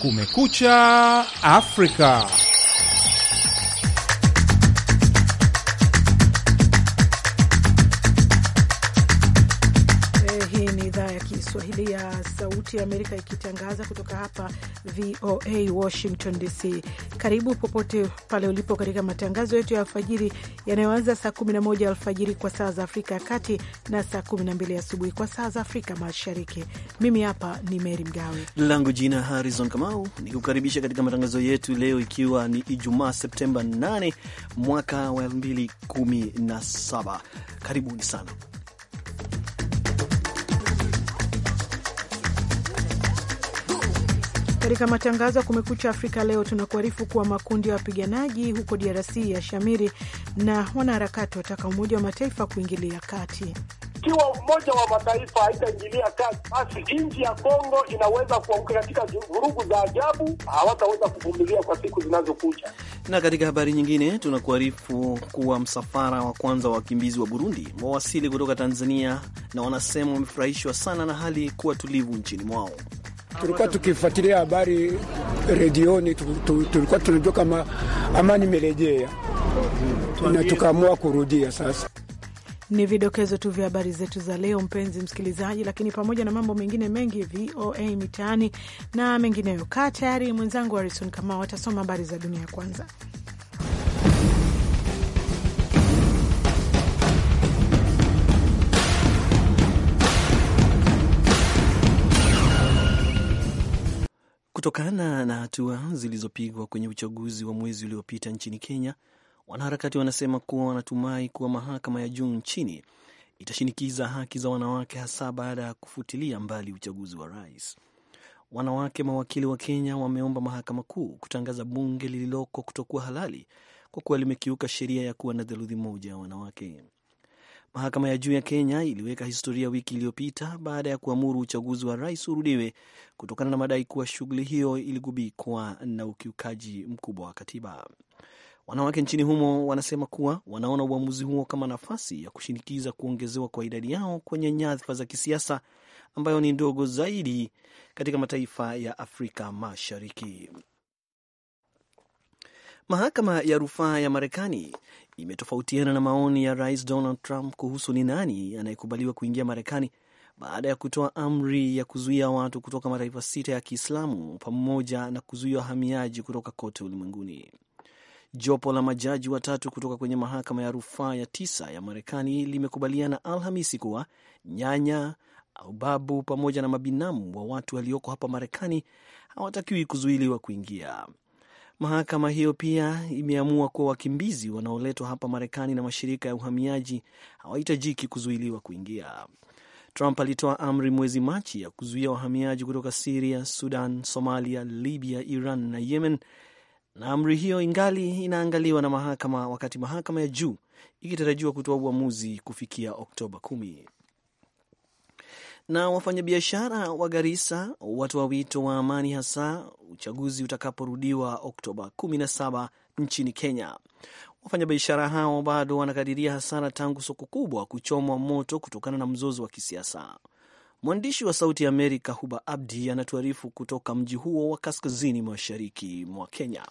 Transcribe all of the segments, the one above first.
Kumekucha Afrika. Sauti ya Amerika ikitangaza kutoka hapa VOA Washington DC. Karibu popote pale ulipo katika matangazo yetu ya alfajiri yanayoanza saa 11 alfajiri kwa saa za Afrika ya Kati na saa 12 asubuhi kwa saa za Afrika Mashariki. Mimi hapa ni Meri Mgawe, langu jina Harrison Kamau, nikukaribisha katika matangazo yetu leo, ikiwa ni Ijumaa Septemba 8 mwaka wa 2017. Karibuni sana Katika matangazo ya Kumekucha Afrika leo tunakuarifu kuwa makundi ya wapiganaji huko DRC ya shamiri na wanaharakati wataka Umoja wa Mataifa kuingilia kati. Ikiwa Umoja wa Mataifa haitaingilia kati, basi nchi ya Kongo inaweza kuanguka katika vurugu za ajabu, hawataweza kuvumilia kwa siku zinazokuja. Na katika habari nyingine, tunakuarifu kuwa msafara wa kwanza wa wakimbizi wa Burundi wawasili kutoka Tanzania na wanasema wamefurahishwa sana na hali kuwa tulivu nchini mwao tulikuwa tukifuatilia habari redioni, tulikuwa tunajua kama amani imerejea na tukaamua kurudia sasa. Ni vidokezo tu vya habari zetu za leo, mpenzi msikilizaji, lakini pamoja na mambo mengine mengi, VOA Mitaani na mengineyo. Kaa tayari, mwenzangu Harison Kamau atasoma habari za dunia kwanza. Kutokana na hatua zilizopigwa kwenye uchaguzi wa mwezi uliopita nchini Kenya, wanaharakati wanasema kuwa wanatumai kuwa mahakama ya juu nchini itashinikiza haki za wanawake, hasa baada ya kufutilia mbali uchaguzi wa rais. Wanawake mawakili wa Kenya wameomba mahakama kuu kutangaza bunge lililoko kutokuwa halali kwa kuwa limekiuka sheria ya kuwa na theluthi moja ya wanawake. Mahakama ya juu ya Kenya iliweka historia wiki iliyopita baada ya kuamuru uchaguzi wa rais urudiwe kutokana na madai kuwa shughuli hiyo iligubikwa na ukiukaji mkubwa wa katiba. Wanawake nchini humo wanasema kuwa wanaona uamuzi huo kama nafasi ya kushinikiza kuongezewa kwa idadi yao kwenye nyadhifa za kisiasa ambayo ni ndogo zaidi katika mataifa ya Afrika Mashariki. Mahakama ya rufaa ya Marekani imetofautiana na maoni ya rais Donald Trump kuhusu ni nani anayekubaliwa kuingia Marekani baada ya kutoa amri ya kuzuia watu kutoka mataifa sita ya Kiislamu pamoja na kuzuia wahamiaji kutoka kote ulimwenguni. Jopo la majaji watatu kutoka kwenye mahakama ya rufaa ya tisa ya Marekani limekubaliana Alhamisi kuwa nyanya au babu pamoja na mabinamu wa watu walioko hapa Marekani hawatakiwi kuzuiliwa kuingia. Mahakama hiyo pia imeamua kuwa wakimbizi wanaoletwa hapa Marekani na mashirika ya uhamiaji hawahitajiki kuzuiliwa kuingia. Trump alitoa amri mwezi Machi ya kuzuia wahamiaji kutoka Siria, Sudan, Somalia, Libya, Iran na Yemen, na amri hiyo ingali inaangaliwa na mahakama, wakati mahakama ya juu ikitarajiwa kutoa uamuzi kufikia Oktoba kumi. Na wafanyabiashara wa Garissa watoa wito wa amani, hasa uchaguzi utakaporudiwa Oktoba 17 nchini Kenya. Wafanyabiashara hao bado wanakadiria hasara tangu soko kubwa kuchomwa moto kutokana na mzozo wa kisiasa. Mwandishi wa Sauti ya Amerika Huba Abdi anatuarifu kutoka mji huo wa kaskazini mashariki mwa Kenya.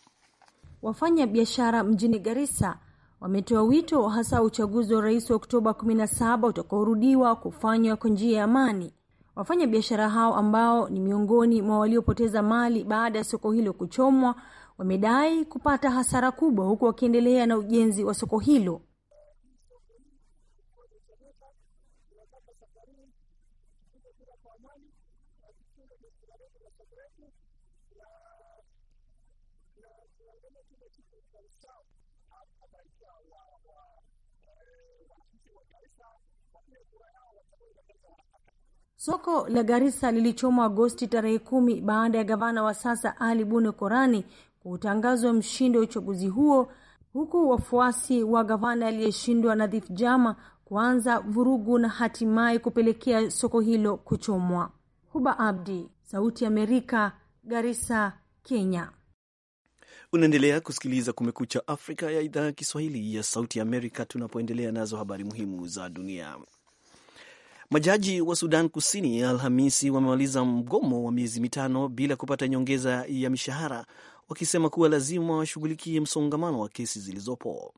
Wafanya biashara mjini Garisa wametoa wito hasa uchaguzi wa rais wa Oktoba 17 utakaorudiwa kufanywa kwa njia ya amani. Wafanya biashara hao ambao ni miongoni mwa waliopoteza mali baada ya soko hilo kuchomwa wamedai kupata hasara kubwa, huku wakiendelea na ujenzi wa soko hilo. Soko la Garissa lilichomwa Agosti tarehe kumi baada ya gavana wa sasa Ali Bune Korani kutangazwa mshindi wa uchaguzi huo, huku wafuasi wa gavana aliyeshindwa Nadhif Jama kuanza vurugu na hatimaye kupelekea soko hilo kuchomwa. Huba Abdi, Sauti ya Amerika, Garissa, Kenya. Unaendelea kusikiliza Kumekucha Afrika ya idhaa ya Kiswahili ya Sauti ya Amerika, tunapoendelea nazo habari muhimu za dunia. Majaji wa Sudan Kusini Alhamisi wamemaliza mgomo wa miezi mitano bila kupata nyongeza ya mishahara, wakisema kuwa lazima washughulikie msongamano wa kesi zilizopo.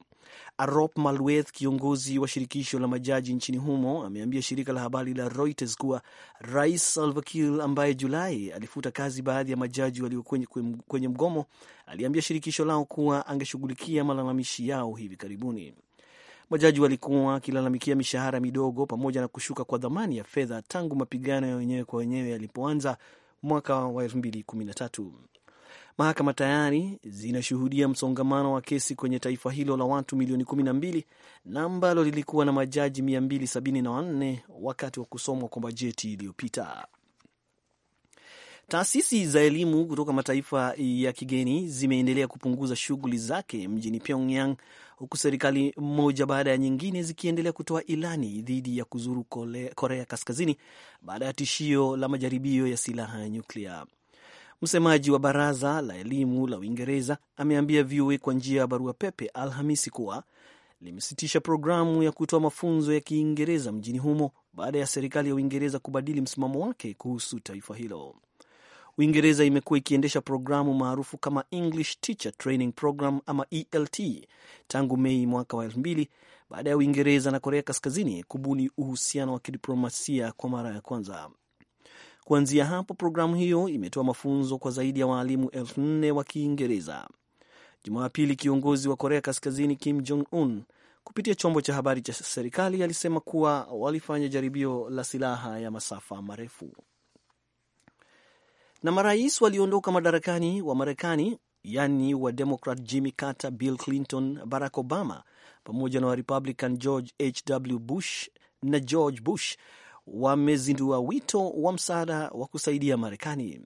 Arop Malweth, kiongozi wa shirikisho la majaji nchini humo, ameambia shirika la habari la Reuters kuwa Rais Salva Kiir ambaye Julai alifuta kazi baadhi ya majaji waliokuwa kwenye mgomo, aliambia shirikisho lao kuwa angeshughulikia malalamishi yao hivi karibuni. Majaji walikuwa wakilalamikia mishahara midogo pamoja na kushuka kwa dhamani ya fedha tangu mapigano ya wenyewe kwa wenyewe yalipoanza mwaka wa tatu. Mahakama tayari zinashuhudia msongamano wa kesi kwenye taifa hilo la watu milioni kumi na ambalo lilikuwa na majaji wanne wakati wa kusomwa kwa bajeti iliyopita. Taasisi za elimu kutoka mataifa ya kigeni zimeendelea kupunguza shughuli zake mjini Pyongyang, huku serikali moja baada ya nyingine zikiendelea kutoa ilani dhidi ya kuzuru Korea Kaskazini baada ya tishio la majaribio ya silaha ya nyuklia. Msemaji wa baraza la elimu la Uingereza ameambia VOA kwa njia ya barua pepe Alhamisi kuwa limesitisha programu ya kutoa mafunzo ya Kiingereza mjini humo baada ya serikali ya Uingereza kubadili msimamo wake kuhusu taifa hilo. Uingereza imekuwa ikiendesha programu maarufu kama English Teacher Training Program ama ELT tangu Mei mwaka wa elfu mbili baada ya Uingereza na Korea Kaskazini kubuni uhusiano wa kidiplomasia kwa mara ya kwanza. Kuanzia hapo, programu hiyo imetoa mafunzo kwa zaidi ya waalimu elfu nne wa Kiingereza. Jumapili, kiongozi wa Korea Kaskazini Kim Jong Un kupitia chombo cha habari cha serikali alisema kuwa walifanya jaribio la silaha ya masafa marefu na marais walioondoka madarakani wa Marekani, yaani wa Democrat Jimmy Carter, Bill Clinton, Barack Obama pamoja na wa Republican George H.W. Bush na George Bush wamezindua wito wa msaada wa kusaidia Marekani.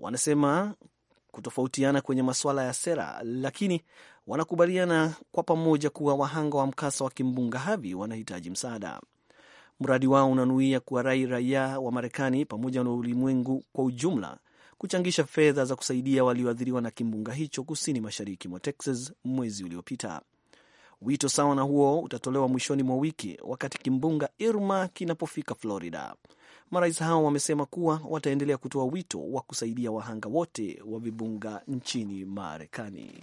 Wanasema kutofautiana kwenye masuala ya sera, lakini wanakubaliana kwa pamoja kuwa wahanga wa mkasa wa kimbunga Harvey wanahitaji msaada. Mradi wao unanuia kuwarai raia wa Marekani pamoja na ulimwengu kwa ujumla kuchangisha fedha za kusaidia walioathiriwa na kimbunga hicho kusini mashariki mwa Texas mwezi uliopita. Wito sawa na huo utatolewa mwishoni mwa wiki wakati kimbunga Irma kinapofika Florida. Marais hao wamesema kuwa wataendelea kutoa wito wa kusaidia wahanga wote wa vibunga nchini Marekani.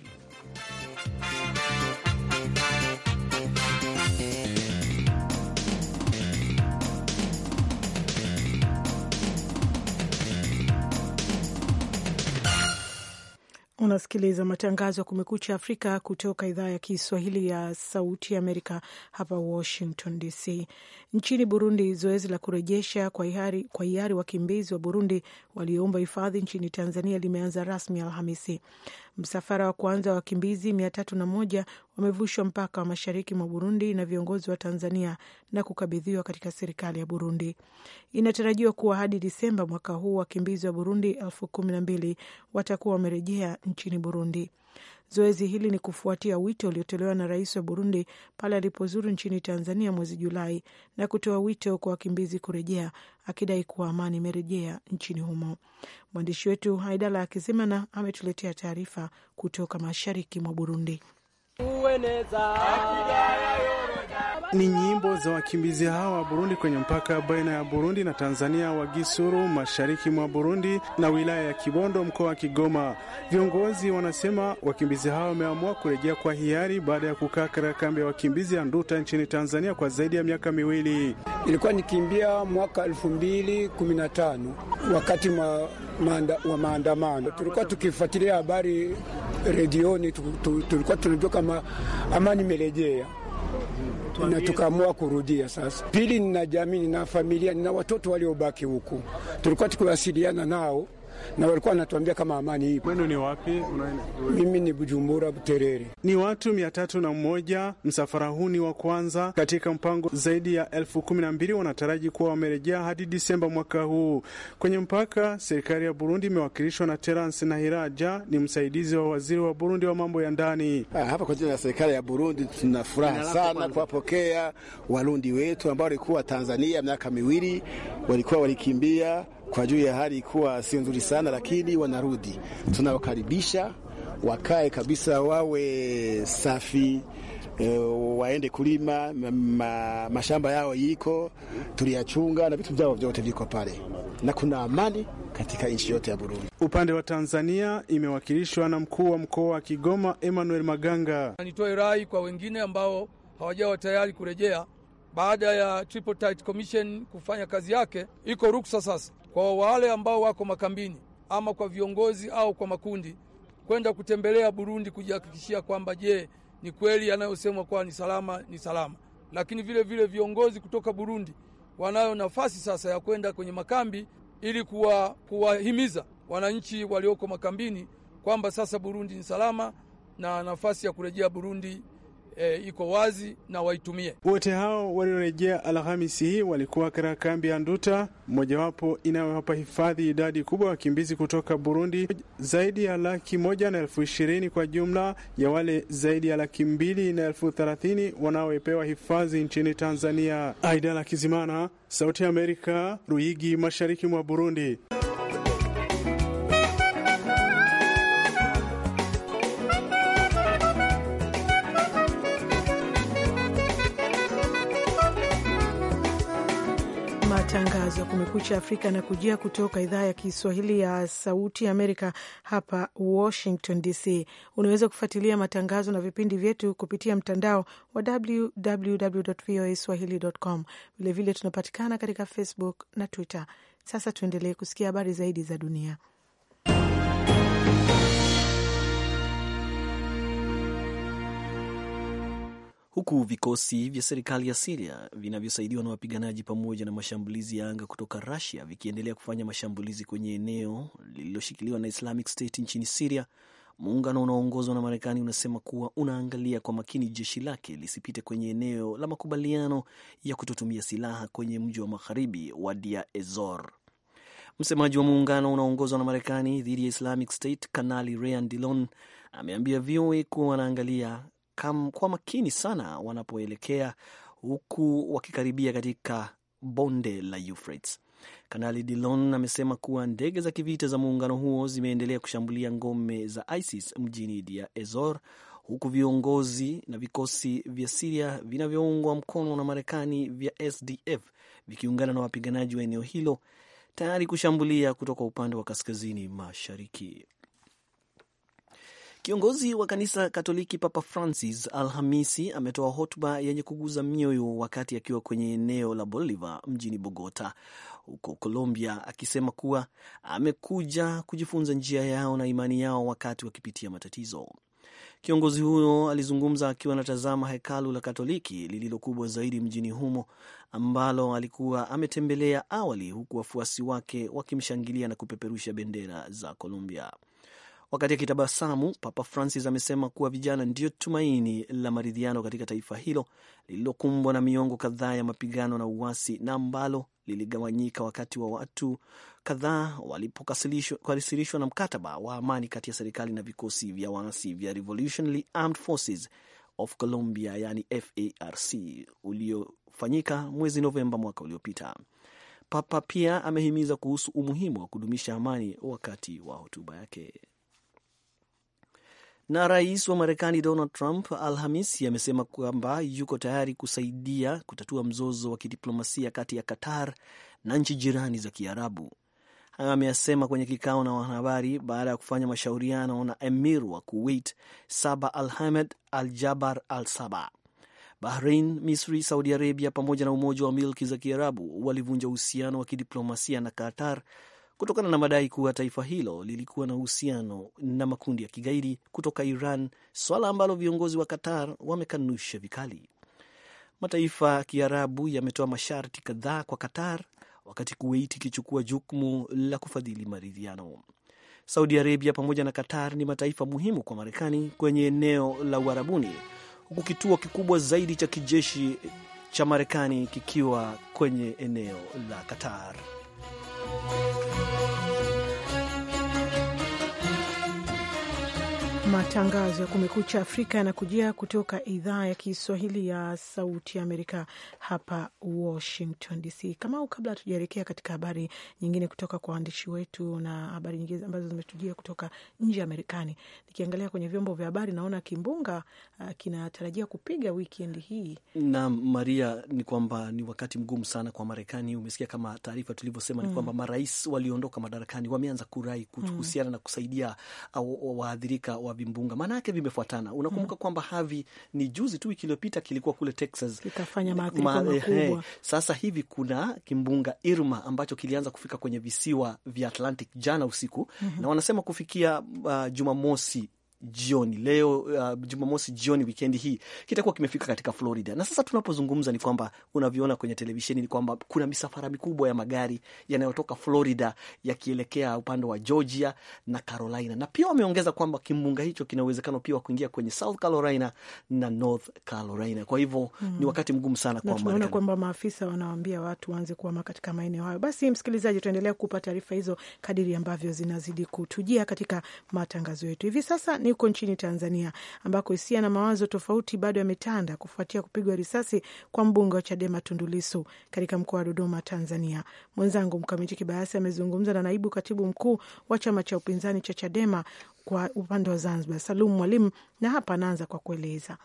Unasikiliza matangazo ya Kumekucha Afrika kutoka idhaa ya Kiswahili ya Sauti Amerika, hapa Washington DC. Nchini Burundi, zoezi la kurejesha kwa hiari, kwa hiari wakimbizi wa Burundi walioomba hifadhi nchini Tanzania limeanza rasmi Alhamisi. Msafara wa kwanza wa wakimbizi mia tatu na moja wamevushwa mpaka wa mashariki mwa Burundi na viongozi wa Tanzania na kukabidhiwa katika serikali ya Burundi. Inatarajiwa kuwa hadi Disemba mwaka huu wakimbizi wa Burundi elfu kumi na mbili watakuwa wamerejea nchini Burundi. Zoezi hili ni kufuatia wito uliotolewa na rais wa Burundi pale alipozuru nchini Tanzania mwezi Julai na kutoa wito kwa wakimbizi kurejea, akidai kuwa amani imerejea nchini humo. Mwandishi wetu Haidala Akizimana ametuletea taarifa kutoka mashariki mwa Burundi. Ueneza, ni nyimbo za wakimbizi hawa wa Burundi kwenye mpaka baina ya Burundi na Tanzania wa Gisuru, mashariki mwa Burundi na wilaya ya Kibondo, mkoa wa Kigoma. Viongozi wanasema wakimbizi hawa wameamua kurejea kwa hiari baada ya kukaa katika kambi ya wakimbizi ya Nduta nchini Tanzania kwa zaidi ya miaka miwili. Ilikuwa nikimbia mwaka 2015 wakati ma, maanda, wa maandamano, tulikuwa tukifuatilia habari redioni, tulikuwa tunajua kama amani imerejea na tukaamua kurudia sasa. Pili, nina jamii, nina familia, nina watoto waliobaki huku, tulikuwa tukiwasiliana nao na walikuwa wanatuambia kama amani ipo. Mwenu ni wapi? Mimi ni Bujumbura Buterere. Ni watu mia tatu na mmoja. Msafara huu ni wa kwanza katika mpango zaidi ya elfu kumi na mbili wanataraji kuwa wamerejea hadi Disemba mwaka huu. Kwenye mpaka, serikali ya Burundi imewakilishwa na Terence Nahiraja, ni msaidizi wa waziri wa Burundi wa mambo ya ndani. Ha, ah, hapa kwa jina la serikali ya Burundi tuna furaha sana kuwapokea Warundi wetu ambao walikuwa Tanzania miaka miwili, walikuwa walikimbia kwa juu ya hali kuwa sio nzuri sana, lakini wanarudi, tunawakaribisha wakae kabisa, wawe safi e, waende kulima ma, mashamba yao yiko tuliyachunga na vitu vyao vyote viko pale na kuna amani katika nchi yote ya Burundi. Upande wa Tanzania imewakilishwa na mkuu wa mkoa wa Kigoma Emmanuel Maganga. Nitoe rai kwa wengine ambao hawajawa tayari kurejea baada ya Tripartite Commission kufanya kazi yake, iko ruksa sasa kwa wale ambao wako makambini ama kwa viongozi au kwa makundi kwenda kutembelea Burundi kujihakikishia kwamba je, ni kweli yanayosemwa kuwa ni salama ni salama. Lakini vile vile viongozi kutoka Burundi wanayo nafasi sasa ya kwenda kwenye makambi ili kuwa, kuwahimiza wananchi walioko makambini kwamba sasa Burundi ni salama na nafasi ya kurejea Burundi e, iko wazi na waitumie wote. Hao waliorejea Alhamisi hii walikuwa katika kambi ya Nduta, mojawapo inayowapa hifadhi idadi kubwa ya wakimbizi kutoka Burundi, zaidi ya laki moja na elfu ishirini kwa jumla ya wale zaidi ya laki mbili na elfu thelathini wanaopewa hifadhi nchini Tanzania. Aida la Kizimana, Sauti ya Amerika, Ruigi, mashariki mwa Burundi. Kumekucha Afrika na kujia kutoka idhaa ya Kiswahili ya Sauti Amerika hapa Washington DC. Unaweza kufuatilia matangazo na vipindi vyetu kupitia mtandao wa www voa swahilicom Vilevile tunapatikana katika Facebook na Twitter. Sasa tuendelee kusikia habari zaidi za dunia. huku vikosi vya serikali ya Siria vinavyosaidiwa na wapiganaji pamoja na mashambulizi ya anga kutoka Rusia vikiendelea kufanya mashambulizi kwenye eneo lililoshikiliwa na Islamic State nchini Siria. Muungano unaoongozwa na Marekani unasema kuwa unaangalia kwa makini jeshi lake lisipite kwenye eneo la makubaliano ya kutotumia silaha kwenye mji wa magharibi wa Dia Ezor. Msemaji wa muungano unaoongozwa na Marekani dhidi ya Islamic State, Kanali Rean Dilon ameambia VOA kuwa wanaangalia kwa makini sana wanapoelekea huku wakikaribia katika bonde la Euphrates. Kanali Dilon amesema kuwa ndege za kivita za muungano huo zimeendelea kushambulia ngome za ISIS mjini Dia Ezor, huku viongozi na vikosi vya Siria vinavyoungwa mkono na Marekani vya SDF vikiungana na wapiganaji wa eneo hilo tayari kushambulia kutoka upande wa kaskazini mashariki. Kiongozi wa kanisa Katoliki Papa Francis Alhamisi ametoa hotuba yenye kuguza mioyo wakati akiwa kwenye eneo la Bolivar mjini Bogota huko Colombia, akisema kuwa amekuja kujifunza njia yao na imani yao wakati wakipitia matatizo. Kiongozi huyo alizungumza akiwa anatazama hekalu la Katoliki lililo kubwa zaidi mjini humo ambalo alikuwa ametembelea awali, huku wafuasi wake wakimshangilia na kupeperusha bendera za Colombia. Wakati akitabasamu, Papa Francis amesema kuwa vijana ndiyo tumaini la maridhiano katika taifa hilo lililokumbwa na miongo kadhaa ya mapigano na uasi na ambalo liligawanyika wakati wa watu kadhaa walipokasirishwa na mkataba wa amani kati ya serikali na vikosi vya waasi vya Revolutionary Armed Forces of Colombia, yani FARC, uliofanyika mwezi Novemba mwaka uliopita. Papa pia amehimiza kuhusu umuhimu wa kudumisha amani wakati wa hotuba yake. Na rais wa Marekani Donald Trump Alhamisi amesema kwamba yuko tayari kusaidia kutatua mzozo wa kidiplomasia kati ya Qatar na nchi jirani za Kiarabu. Hayo ameyasema kwenye kikao na wanahabari baada ya kufanya mashauriano na emir wa Kuwait Saba Alhamed Al Jabar Al Saba. Bahrain, Misri, Saudi Arabia pamoja na Umoja wa Milki za Kiarabu walivunja uhusiano wa kidiplomasia na Qatar kutokana na madai kuwa taifa hilo lilikuwa na uhusiano na makundi ya kigaidi kutoka Iran, swala ambalo viongozi wa Qatar wamekanusha vikali. Mataifa ya Kiarabu yametoa masharti kadhaa kwa Qatar wakati Kuwait ikichukua jukumu la kufadhili maridhiano. Saudi Arabia pamoja na Qatar ni mataifa muhimu kwa Marekani kwenye eneo la Uarabuni, huku kituo kikubwa zaidi cha kijeshi cha Marekani kikiwa kwenye eneo la Qatar. Matangazo ya Kumekucha Afrika yanakujia kutoka idhaa ya Kiswahili ya Sauti ya Amerika hapa Washington DC. Kama au kabla hatujaelekea katika habari nyingine kutoka kwa waandishi wetu na habari nyingine ambazo zimetujia kutoka nje ya Marekani, nikiangalia kwenye vyombo vya habari naona kimbunga uh, kinatarajia kupiga wikendi hii. Na Maria, ni kwamba ni wakati mgumu sana kwa Marekani. Umesikia kama taarifa tulivyosema, ni mm. kwamba marais walioondoka madarakani wameanza kurai mm. kuhusiana mm. na kusaidia waadhirika wa vimbunga, yake vimefuatana. Unakumbuka hmm. kwamba havi ni juzi tu wiki iliyopita kilikuwa kule Texas kikafanya maathiriko eh, makubwa. Eh, sasa hivi kuna kimbunga Irma ambacho kilianza kufika kwenye visiwa vya Atlantic jana usiku -hmm. na wanasema kufikia uh, Jumamosi jioni leo, uh, Jumamosi jioni wikendi hii kitakuwa kimefika katika Florida. Na sasa tunapozungumza ni kwamba unavyoona kwenye televisheni ni kwamba kuna misafara mikubwa ya magari yanayotoka Florida yakielekea upande wa Georgia na Carolina, na pia wameongeza kwamba kimbunga hicho kina uwezekano pia wa kuingia kwenye South Carolina na North Carolina. Kwa hivyo mm, ni wakati mgumu sana kwa Marekani, kwamba maafisa wanawaambia watu waanze kuhama katika maeneo hayo. Basi msikilizaji, tuendelea kukupa taarifa hizo kadiri ambavyo zinazidi kutujia katika matangazo yetu. Hivi sasa ni huko nchini Tanzania ambako hisia na mawazo tofauti bado yametanda kufuatia kupigwa risasi kwa mbunge wa Chadema Tundulisu katika mkoa wa Dodoma, Tanzania. Mwenzangu Mkamiti Kibayasi amezungumza na naibu katibu mkuu wa chama cha upinzani cha Chadema kwa upande wa Zanzibar, Salum Mwalimu, na hapa anaanza kwa kueleza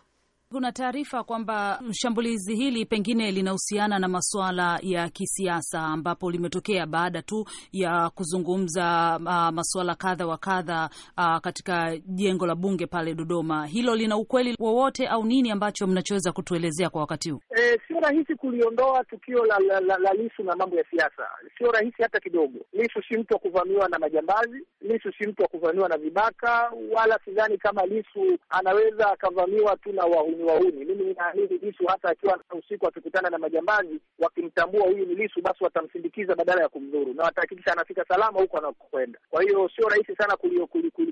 kuna taarifa kwamba shambulizi hili pengine linahusiana na masuala ya kisiasa, ambapo limetokea baada tu ya kuzungumza uh, masuala kadha wa kadha uh, katika jengo la bunge pale Dodoma. Hilo lina ukweli wowote au nini ambacho mnachoweza kutuelezea kwa wakati huu? E, sio rahisi kuliondoa tukio la, la, la, la Lisu na mambo ya siasa, sio rahisi hata kidogo. Lisu si mtu wa kuvamiwa na majambazi. Lisu si mtu wa kuvamiwa na vibaka, wala sidhani kama Lisu anaweza akavamiwa tu na wahuni wauni. Mimi ninaamini Lisu hata akiwa usiku akikutana na majambazi, wakimtambua huyu ni Lisu, basi watamsindikiza badala ya kumdhuru, na watahakikisha anafika salama huko anakokwenda. Kwa hiyo sio rahisi sana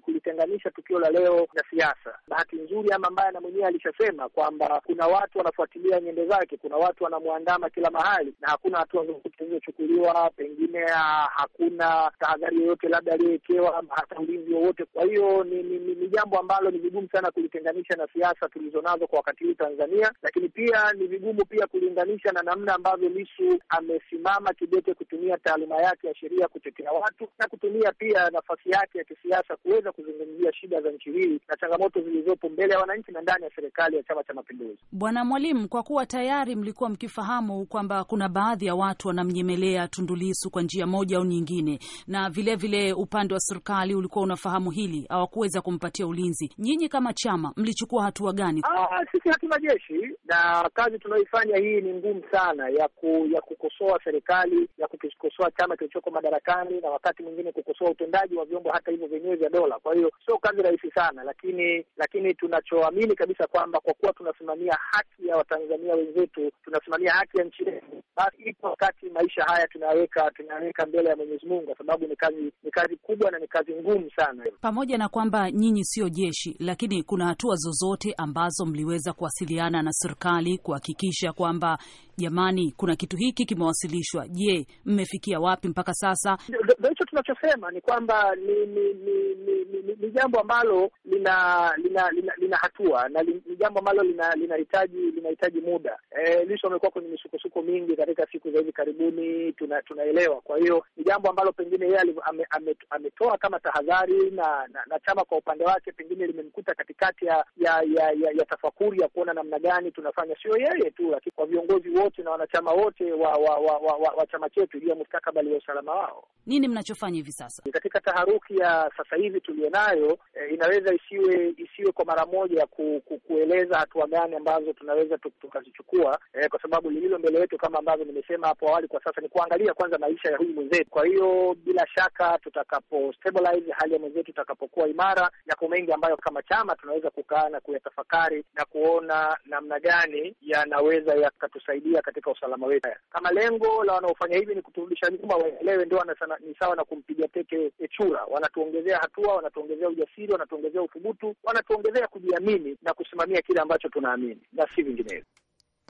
kulitenganisha tukio la leo na siasa. Bahati nzuri ama mbaya, na mwenyewe alishasema kwamba kuna watu wanafuatilia nyendo zake, kuna watu wanamwandama kila mahali, na hakuna hatua zozote zilizochukuliwa, pengine ah, hakuna tahadhari yoyote labda aliyowekewa, hata ulinzi wowote. Kwa hiyo ni, ni, ni, ni jambo ambalo ni vigumu sana kulitenganisha na siasa tulizonazo kwa wakati huu Tanzania, lakini pia ni vigumu pia kulinganisha na namna ambavyo lisu amesimama kidete kutumia taaluma yake ya sheria kutetea watu na kutumia pia nafasi yake ya kisiasa kuweza kuzungumzia shida za nchi hii na changamoto zilizopo mbele ya wananchi na ndani ya serikali ya Chama cha Mapinduzi. Bwana Mwalimu, kwa kuwa tayari mlikuwa mkifahamu kwamba kuna baadhi ya watu wanamnyemelea Tundu Lisu kwa njia moja au nyingine, na vilevile vile upande wa serikali ulikuwa unafahamu hili, hawakuweza kumpatia ulinzi, nyinyi kama chama mlichukua hatua gani? Aa, ah, sisi hatuna jeshi na kazi tunaoifanya hii ni ngumu sana, ya ku, ya kukosoa serikali, ya kukikosoa chama kilichoko madarakani, na wakati mwingine kukosoa utendaji wa vyombo hata hivyo vyenyewe vya dola. Kwa hiyo sio kazi rahisi sana, lakini lakini tunachoamini kabisa kwamba kwa kuwa tunasimamia haki ya Watanzania wenzetu, tunasimamia haki ya nchi yetu, basi ipo wakati maisha haya tunaweka tunaweka mbele ya Mwenyezi Mungu, kwa sababu ni kazi ni kazi kubwa na ni kazi ngumu sana, pamoja na kwamba nyinyi sio jeshi, lakini kuna hatua zozote ambazo mliwe waliweza kuwasiliana na serikali kuhakikisha kwamba jamani, kuna kitu hiki kimewasilishwa, je, mmefikia wapi mpaka sasa? Ndo hicho tunachosema ni kwamba ni ni ni, ni, ni, ni, ni jambo ambalo lina lina, lina, lina hatua na li, ni jambo ambalo linahitaji lina linahitaji muda. E, lisho amekuwa kwenye misukosuko mingi katika siku za hivi karibuni, tuna, tunaelewa. Kwa hiyo ni jambo ambalo pengine yeye ame, ame, ametoa kama tahadhari na, na, na chama kwa upande wake pengine limemkuta katikati ya ya, ya, ya, ya tafakuri ya kuona namna gani tunafanya, sio yeye tu, lakini kwa viongozi wote na wanachama wote wa wa, wa, wa, wa, wa chama chetu juu ya mustakabali wa usalama wao. Nini mnachofanya hivi sasa katika taharuki ya sasa hivi tuliyonayo? E, eh, inaweza isiwe isiwe kwa mara moja ku, ku, kueleza hatua gani ambazo tunaweza tukazichukua, e, kwa sababu lililo mbele yetu kama ambavyo nimesema hapo awali, kwa sasa ni kuangalia kwanza maisha ya huyu mwenzetu. Kwa hiyo bila shaka tutakapo stabilize hali ya mwenzetu itakapokuwa imara, yako mengi ambayo kama chama tunaweza kukaa na kuyatafakari na kuona namna gani yanaweza yakatusaidia kusaidia katika usalama wetu. Kama lengo la wanaofanya hivi ni kuturudisha nyuma, waelewe ndio ni sawa na kumpiga teke Echura. Wanatuongezea hatua, wanatuongezea ujasiri, wanatuongezea uthubutu, wanatuongezea kujiamini na kusimamia kile ambacho tunaamini na si vinginevyo.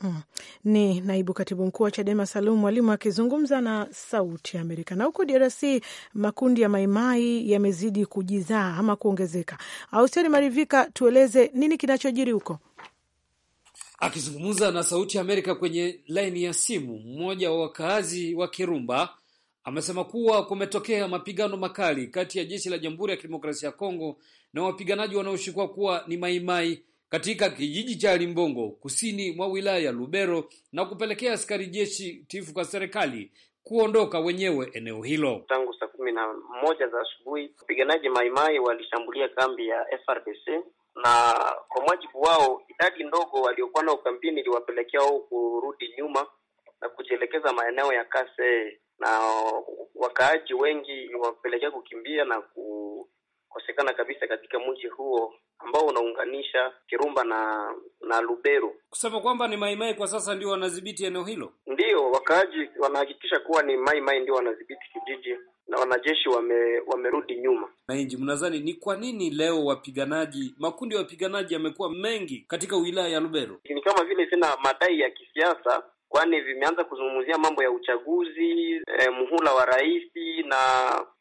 Hmm. Ni naibu katibu mkuu wa Chadema Salum Mwalimu akizungumza na Sauti ya Amerika. Na huko DRC makundi ya maimai yamezidi kujizaa ama kuongezeka. Austeri Marivika, tueleze nini kinachojiri huko? Akizungumza na Sauti ya Amerika kwenye laini ya simu, mmoja wa wakaazi wa Kirumba amesema kuwa kumetokea mapigano makali kati ya jeshi la Jamhuri ya Kidemokrasia ya Kongo na wapiganaji wanaoshukua kuwa ni maimai katika kijiji cha Limbongo kusini mwa wilaya ya Lubero na kupelekea askari jeshi tifu kwa serikali kuondoka wenyewe eneo hilo. Tangu saa kumi na moja za asubuhi wapiganaji maimai walishambulia kambi ya FRDC na kwa mwajibu wao idadi ndogo waliokuwa na ukambini iliwapelekea wao kurudi nyuma na kujielekeza maeneo ya Kase, na wakaaji wengi iliwapelekea kukimbia na kukosekana kabisa katika mji huo ambao unaunganisha Kirumba na na Lubero, kusema kwamba ni Maimai kwa sasa ndio wanadhibiti eneo hilo. Ndiyo, wakaaji wanahakikisha kuwa ni Maimai ndio wanadhibiti kijiji na wanajeshi wame, wamerudi nyuma. inji mnadhani ni kwa nini leo wapiganaji makundi ya wapiganaji yamekuwa mengi katika wilaya ya Lubero? Ni kama vile tena madai ya kisiasa kwani vimeanza kuzungumzia mambo ya uchaguzi eh, muhula wa rais, na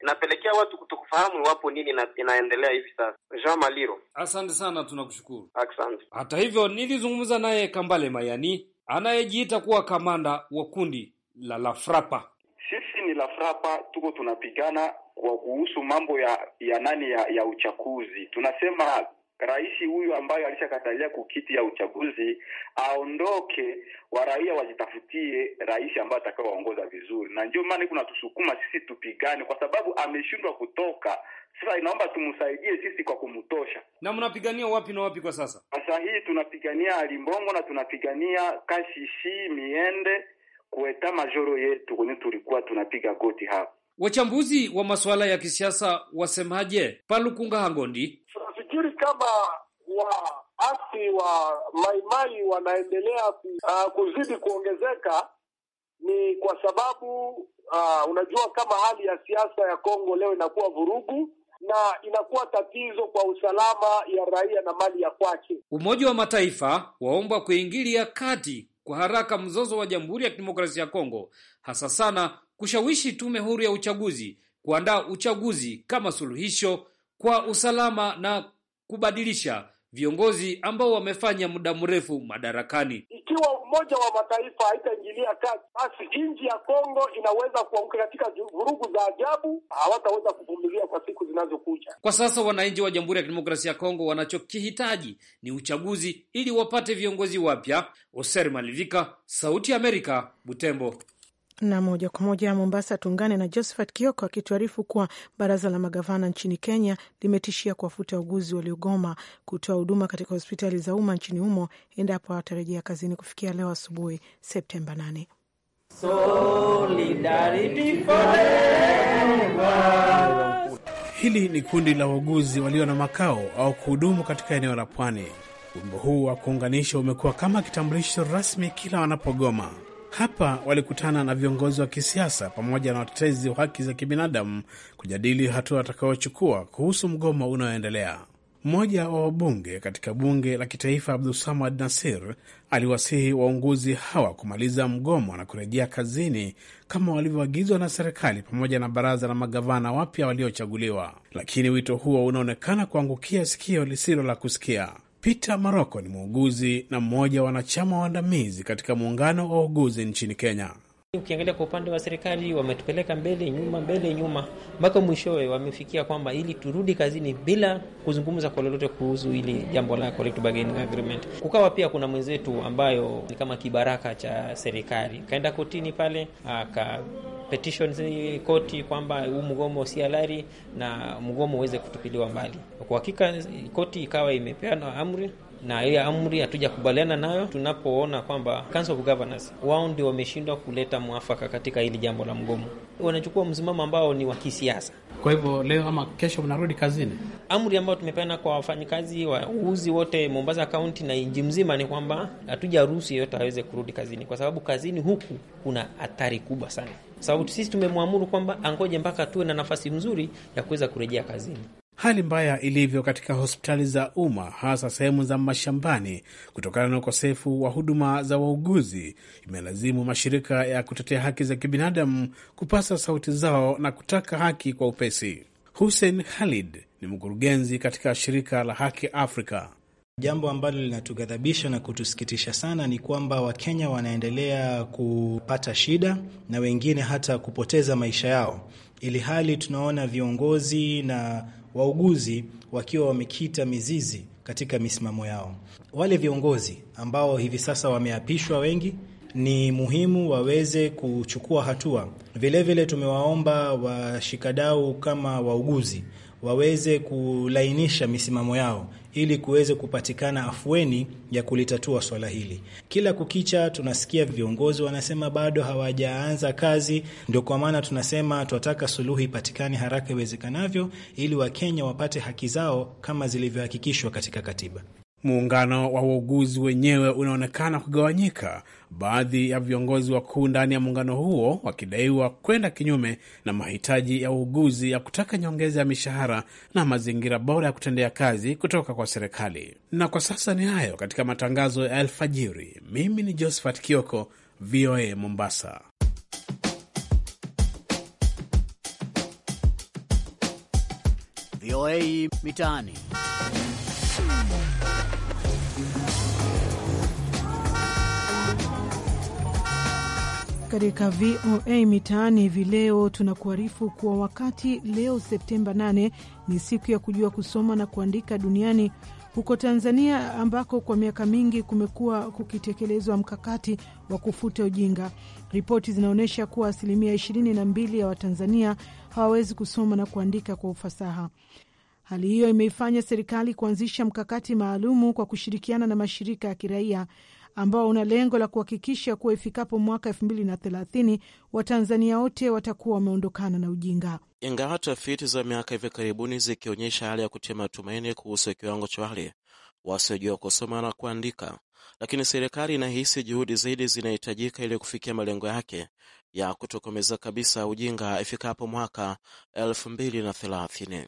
inapelekea watu kutokufahamu iwapo nini na, inaendelea hivi sasa. Jean Maliro, asante sana, tunakushukuru. Asante. Hata hivyo nilizungumza naye Kambale Mayani anayejiita kuwa kamanda wa kundi la Lafrapa sisi ni Lafrapa, tuko tunapigana kwa kuhusu mambo ya ya nani ya, ya uchaguzi. Tunasema rais huyu ambayo alishakatalia kukiti ya uchaguzi aondoke, wa raia wajitafutie rais ambaye atakaowaongoza vizuri, na ndio maana kuna tusukuma sisi tupigane, kwa sababu ameshindwa kutoka. Sasa inaomba tumsaidie sisi kwa kumtosha. Na mnapigania wapi na wapi kwa sasa? Sasa hii tunapigania alimbongo na tunapigania Kashishi Miende kuwetama majoro yetu kwenye tulikuwa tunapiga goti hapa. Wachambuzi wa masuala ya kisiasa wasemaje? Palukunga Hangondi, tunafikiri kama waasi wa maimai wanaendelea uh, kuzidi kuongezeka ni kwa sababu uh, unajua kama hali ya siasa ya Kongo leo inakuwa vurugu na inakuwa tatizo kwa usalama ya raia na mali ya kwake. Umoja wa Mataifa waomba kuingilia kati kwa haraka mzozo wa Jamhuri ya Kidemokrasia ya Kongo, hasa sana kushawishi tume huru ya uchaguzi kuandaa uchaguzi kama suluhisho kwa usalama na kubadilisha viongozi ambao wamefanya muda mrefu madarakani. Ikiwa Umoja wa Mataifa haitaingilia kati, basi nchi ya Kongo inaweza kuanguka katika vurugu za ajabu, hawataweza kuvumilia kwa siku zinazokuja. Kwa sasa wananchi wa Jamhuri ya Kidemokrasia ya Kongo wanachokihitaji ni uchaguzi ili wapate viongozi wapya. Oser Malivika, Sauti ya Amerika, Butembo na moja kwa moja Mombasa, tuungane na Josephat Kioko akituarifu kuwa baraza la magavana nchini Kenya limetishia kuwafuta wauguzi waliogoma kutoa huduma katika hospitali za umma nchini humo endapo hawatarejea kazini kufikia leo asubuhi Septemba 8. Hili ni kundi la wauguzi walio na makao au kuhudumu katika eneo la pwani. Wimbo huu wa kuunganisha umekuwa kama kitambulisho rasmi kila wanapogoma hapa walikutana na viongozi wa kisiasa pamoja na watetezi wa haki za kibinadamu kujadili hatua watakayochukua kuhusu mgomo unaoendelea. Mmoja wa wabunge katika bunge la kitaifa Abdusamad Nasir aliwasihi waunguzi hawa kumaliza mgomo na kurejea kazini kama walivyoagizwa na serikali pamoja na baraza la magavana wapya waliochaguliwa, lakini wito huo unaonekana kuangukia sikio lisilo la kusikia. Peter Maroko ni muuguzi na mmoja wa wanachama waandamizi katika muungano wa uguzi nchini Kenya. Ukiangalia kwa upande wa serikali, wametupeleka mbele nyuma, mbele nyuma, mpaka mwishowe wamefikia kwamba ili turudi kazini bila kuzungumza kwa lolote kuhusu hili jambo la collective bargaining agreement. Kukawa pia kuna mwenzetu ambayo ni kama kibaraka cha serikali, kaenda kotini pale aka petitions koti kwamba huu mgomo si halali na mgomo uweze kutupiliwa mbali. Kwa hakika koti ikawa imepeana amri na ile amri hatujakubaliana nayo, tunapoona kwamba Council of Governors wao ndio wameshindwa kuleta mwafaka katika hili jambo la mgomo. Wanachukua msimamo ambao ni wa kisiasa. Kwa hivyo leo ama kesho mnarudi kazini. Amri ambayo tumepeana kwa wafanyikazi wa uuzi wote Mombasa County na nji mzima ni kwamba hatujaruhusu yeyote aweze kurudi kazini, kwa sababu kazini huku kuna hatari kubwa sana sababu sisi tumemwamuru kwamba angoje mpaka tuwe na nafasi nzuri ya kuweza kurejea kazini. Hali mbaya ilivyo katika hospitali za umma hasa sehemu za mashambani kutokana na ukosefu wa huduma za wauguzi imelazimu mashirika ya kutetea haki za kibinadamu kupasa sauti zao na kutaka haki kwa upesi. Hussein Khalid ni mkurugenzi katika shirika la Haki Afrika. Jambo ambalo linatughadhabisha na kutusikitisha sana ni kwamba Wakenya wanaendelea kupata shida na wengine hata kupoteza maisha yao, ili hali tunaona viongozi na wauguzi wakiwa wamekita mizizi katika misimamo yao. Wale viongozi ambao hivi sasa wameapishwa wengi ni muhimu waweze kuchukua hatua. Vilevile vile tumewaomba washikadau kama wauguzi waweze kulainisha misimamo yao ili kuweze kupatikana afueni ya kulitatua swala hili. Kila kukicha tunasikia viongozi wanasema bado hawajaanza kazi, ndio kwa maana tunasema twataka suluhu ipatikane haraka iwezekanavyo, ili Wakenya wapate haki zao kama zilivyohakikishwa katika katiba. Muungano wa wauguzi wenyewe unaonekana kugawanyika, baadhi ya viongozi wakuu ndani ya muungano huo wakidaiwa kwenda kinyume na mahitaji ya uuguzi ya kutaka nyongeza ya mishahara na mazingira bora ya kutendea kazi kutoka kwa serikali. Na kwa sasa ni hayo katika matangazo ya alfajiri. Mimi ni Josephat Kioko, VOA Mombasa. VOA Mitaani. Katika VOA Mitaani hivi leo tunakuarifu kuwa wakati leo Septemba 8 ni siku ya kujua kusoma na kuandika duniani huko Tanzania, ambako kwa miaka mingi kumekuwa kukitekelezwa mkakati wa kufuta ujinga. Ripoti zinaonyesha kuwa asilimia 22 ya Watanzania hawawezi kusoma na kuandika kwa ufasaha. Hali hiyo imeifanya serikali kuanzisha mkakati maalumu kwa kushirikiana na mashirika ya kiraia ambao una lengo la kuhakikisha kuwa ifikapo mwaka elfu mbili na thelathini Watanzania wote watakuwa wameondokana na ujinga. Ingawa tafiti za miaka hivi karibuni zikionyesha hali ya kutia matumaini kuhusu kiwango cha wale wasiojua kusoma na kuandika, lakini serikali inahisi juhudi zaidi zinahitajika ili kufikia malengo yake ya kutokomeza kabisa ujinga ifikapo mwaka elfu mbili na thelathini.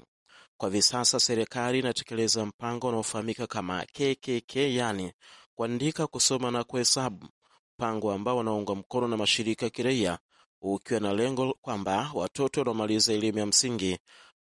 Kwa hivi sasa serikali inatekeleza mpango unaofahamika kama KKK yani kuandika, kusoma na kuhesabu, mpango ambao unaungwa mkono na mashirika ya kiraia ukiwa na lengo kwamba watoto wanaomaliza elimu ya msingi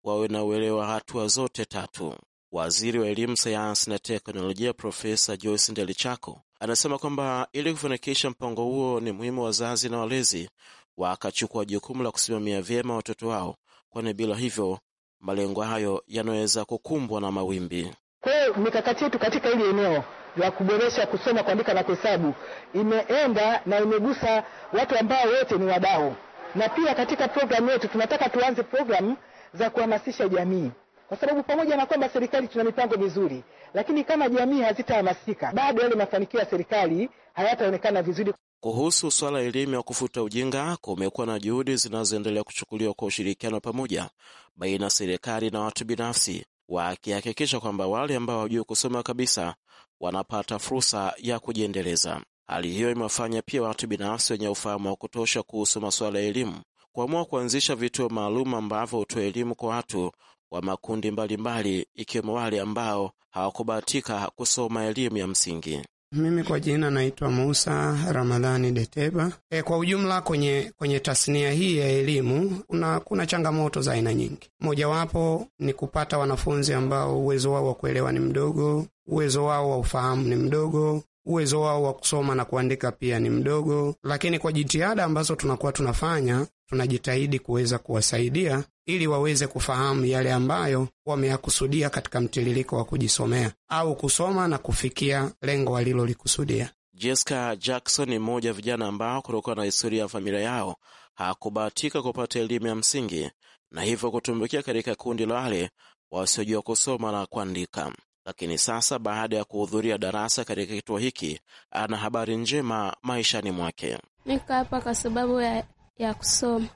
wawe na uelewa hatua zote tatu. Waziri wa Elimu, Sayansi na Teknolojia Profesa Joyce Ndelichako anasema kwamba ili kufanikisha mpango huo ni muhimu wazazi na walezi wakachukua jukumu la kusimamia vyema watoto wao, kwani bila hivyo malengo hayo yanaweza kukumbwa na mawimbi. Kwa hiyo mikakati yetu katika hili eneo ya kuboresha kusoma, kuandika na kuhesabu imeenda na imegusa watu ambao wote ni wadau, na pia katika programu yetu tunataka tuanze programu za kuhamasisha jamii, kwa sababu pamoja na kwamba serikali tuna mipango mizuri, lakini kama jamii hazitahamasika, bado yale mafanikio ya serikali hayataonekana vizuri. Kuhusu swala elimu ya kufuta ujinga, kumekuwa na juhudi zinazoendelea kuchukuliwa kwa ushirikiano pamoja baina ya serikali na watu binafsi, wakihakikisha kwamba wale ambao hawajui kusoma kabisa wanapata fursa ya kujiendeleza. Hali hiyo imewafanya pia watu binafsi wenye ufahamu wa kutosha kuhusu masuala ya elimu kuamua kuanzisha vituo maalum ambavyo hutoa elimu kwa watu wa makundi mbalimbali, ikiwemo wale ambao hawakubahatika kusoma elimu ya msingi. Mimi kwa jina naitwa Musa Ramadhani Deteba. E, kwa ujumla kwenye kwenye tasnia hii ya elimu kuna, kuna changamoto za aina nyingi. Mojawapo ni kupata wanafunzi ambao uwezo wao wa kuelewa ni mdogo, uwezo wao wa ufahamu ni mdogo, uwezo wao wa kusoma na kuandika pia ni mdogo, lakini kwa jitihada ambazo tunakuwa tunafanya, tunajitahidi kuweza kuwasaidia ili waweze kufahamu yale ambayo wameyakusudia katika mtiririko wa kujisomea au kusoma na kufikia lengo walilolikusudia. Jessica Jackson ni mmoja wa vijana ambao kutokana na historia ya familia yao hakubahatika kupata elimu ya msingi na hivyo kutumbukia katika kundi la wale wasiojua kusoma na kuandika lakini sasa baada ya kuhudhuria darasa katika kituo hiki, ana habari njema maishani mwake. Niko hapa kwa sababu ya, ya kusoma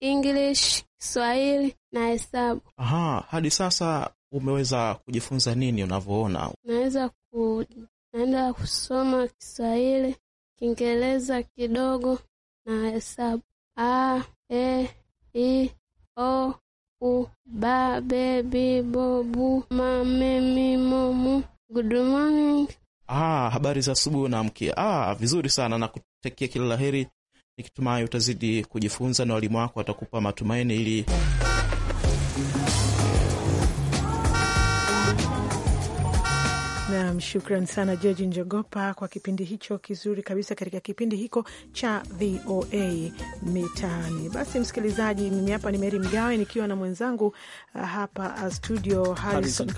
English, Kiswahili na hesabu. Aha, hadi sasa umeweza kujifunza nini? Unavyoona naweza ku, naenda kusoma Kiswahili, Kiingereza kidogo na hesabu a e i o u ba be bi ma good morning ah habari za asubuhi unaamkia ah vizuri sana na kutekia kila laheri nikitumai utazidi kujifunza na walimu wako watakupa matumaini ili Nam, shukran sana George Njogopa kwa kipindi hicho kizuri kabisa katika kipindi hiko cha VOA Mitaani. Basi msikilizaji, mimi hapa ni Meri Mgawe nikiwa na mwenzangu uh, hapa uh, studio Harison,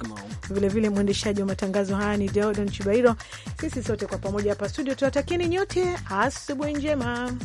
vilevile mwendeshaji wa matangazo haya ni Deodon Chibairo. Sisi sote kwa pamoja hapa studio tunatakieni nyote asubuhi njema.